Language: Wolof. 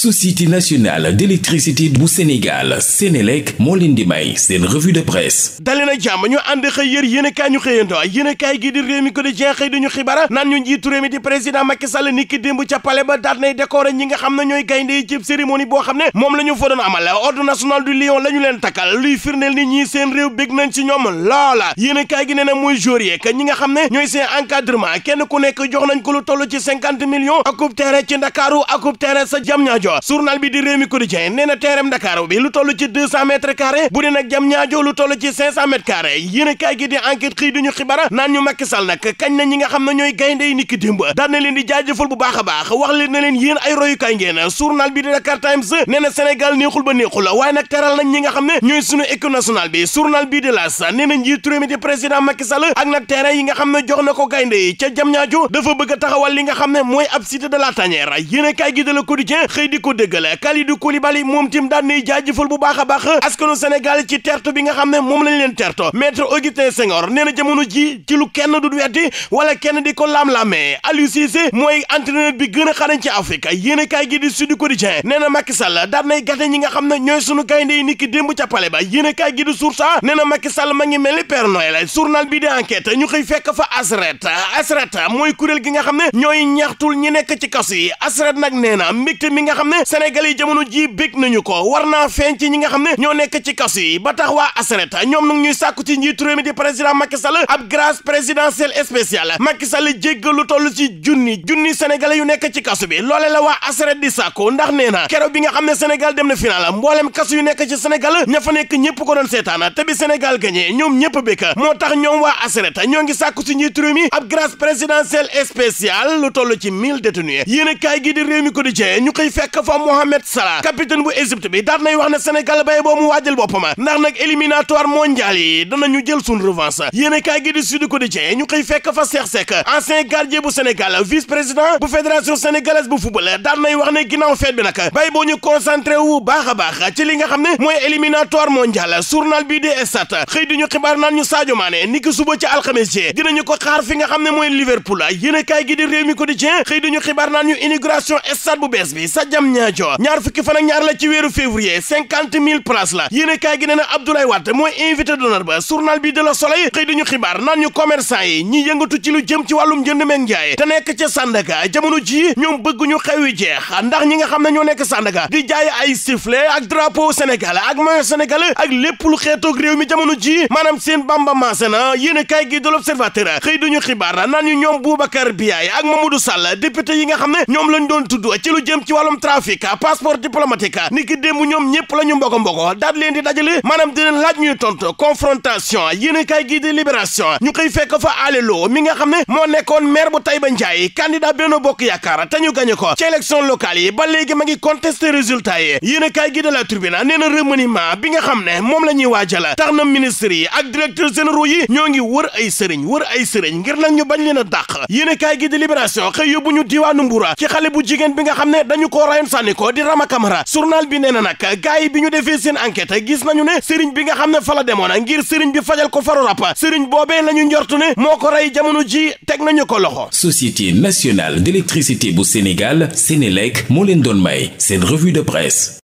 société nationale d'électricité bu Sénégal Sénélec moo leen di may seen revue de presse dali jàmm ñu ànd xëy yër yéen a ñu xëyanto a kaay gi di réew mi ko di jeex xëy dañu xibara naan ñu njiitu réew mi di président Macky Sall démb ca palais ba daat nay décoré ñi nga xam ne ñooy gaynde yi cib boo xam ne moom la ñu fa gi nee na muy joueur ñi nga xam ne ñooy seen encadrement kenn ku nekk jox nañ ko lu toll ci cinquante ñaajo journal bi di Rewmi Quotidien nee na teerem Dakar bi lu toll ci deux cent mètres carrés bu dee nag jam ñaajo lu toll ci cinq cent mètres carrés yéen kaay gi di enquête xibara naan ñu Macky nag kañ na ñi nga xam ne ñooy gaynde yi niki démb daan na leen di jaajëfal bu baax a baax wax leen na leen yéen ay royukaay ngeen journal bi di Dakar Times nee na Sénégal neexul ba neexul waaye nag teral nañ ñi nga xam ne ñooy sunu équipe nationale bi journal bi di L'As nee na njiit réew ak nag terrain yi nga xam ne jox na ko gaynde yi ca jam ñaajo dafa taxawal li nga xam ne mooy ab cité de la tanière yéen kaay gi de la Quotidien di ko dëggal Kalidou Koulibaly moom tim daan nay jaajëfal bu baax a baax askanu Sénégal ci tertu bi nga ne moom lañ leen terto maître Augustin Senghor nee na jamono ji ci lu kenn du weddi wala kenn di ko laam-laamee Aliou Cissé mooy entraîneur bi gën a xarañ ci Afrique yéen a gi di Sud Quotidien di Source A nee ma ngi mel ni Père bi di enquête ñu xëy fekk fa asret asret mooy kuréel gi nga ne ñooy ñaxtul ñi nekk xam ne yi jamono jii bég nañu ko war naa feeñ ci ñi nga xam ne ñoo nekk ci kaso yi ba tax waa asret ñoom nag ñuy sàkku ci njiitu réew mi di président Macky Sall ab grâce présidentielle spéciale Macky Sall lu toll ci junni junni sénégalais yu nekk ci kaso bi loole la waa asret di sàkku ndax nee na keroog bi nga xam ne sénégal dem na final mboolem kaso yu nekk ci sénégal fa nekk ñëpp ko doon seetaana te bi sénégal gagné ñoom ñëpp békk moo tax ñoom waa ñoo ngi sàkku ci njiitu réew mi ab grâce présidentielle spéciale lu toll ci mille détenus yéen a kaay gi di réew mi ko di ñu koy fekk fekk fa Mohamed Salah capitaine bu Égypte bi daat nay wax ne Sénégal bay boo mu waajal boppam ndax nag éliminatoire mondial yi danañu jël suñu revanche yéene kaay gi di Sud ñu koy fekk fa Cheikh Seck ancien gardien bu Sénégal vice président bu fédération sénégalaise bu football daat nay wax ne ginnaaw feet bi nag bay boo ñu concentré baax a baax ci li nga xam ne mooy éliminatoire mondial journal bii di Stades xëy di ñu xibaar naan ñu Sadio Mané niki suba ci alxames ji ko xaar fi nga xam ne mooy Liverpool yéene kaay gi di Rewmi Quotidien xëy di ñu xibaar naan bees bi sa jam jam ñaajo ñaar fukki fan ñaar la ci weeru février cinquante mille places la yéen a kaay gi nee na Abdoulaye Wade mooy invité d'honneur ba journal bi de la Soleil xëy dañu xibaar naan ñu commerçant yi ñi yëngatu ci lu jëm ci wàllum njënd meeg njaay te nekk ca Sandaga jamono ji ñoom bëgguñu xew yi jeex ndax ñi nga xam ne ñoo nekk Sandaga di jaay ay sifflet ak drapeau Sénégal ak maillot Sénégal ak lépp lu xeetoog réew mi jamono ji maanaam seen bamba maase na yéen a kaay gi de l'Observateur xëy nga xam ne ñoom lañ Africa passeport diplomatique ni ki démb ñoom ñëpp la ñu mbogo mbogo di dajale maanaam di leen laaj ñuy tontu confrontation kay gii di ñu koy fekk fa alelo mi nga xam ne moo nekkoon maire bu Taïba Ndiaye candidat Benno Bokk Yaakaar te ko ci élection yi ba léegi ma ngi résultat yi yéen kay gii de la tribune nee na bi nga xam ne moom la ñuy tax na ministre yi ak directeur généraux yi ñoo ngi wër ay sëriñ wër ay sëriñ ngir a sànni ko di Rama Kamara journal bi nee na nag gars yi bi ñu defee seen enquête gis nañu ne sëriñ bi nga xam ne fala la demoon ngir sëriñ bi fajal ko faru rap sëriñ boobee la ñu njortu ne moo ko rey jamono ji teg nañu ko loxo. Société nationale d'électricité bu Sénégal Sénélec moo leen doon may seen revue de presse.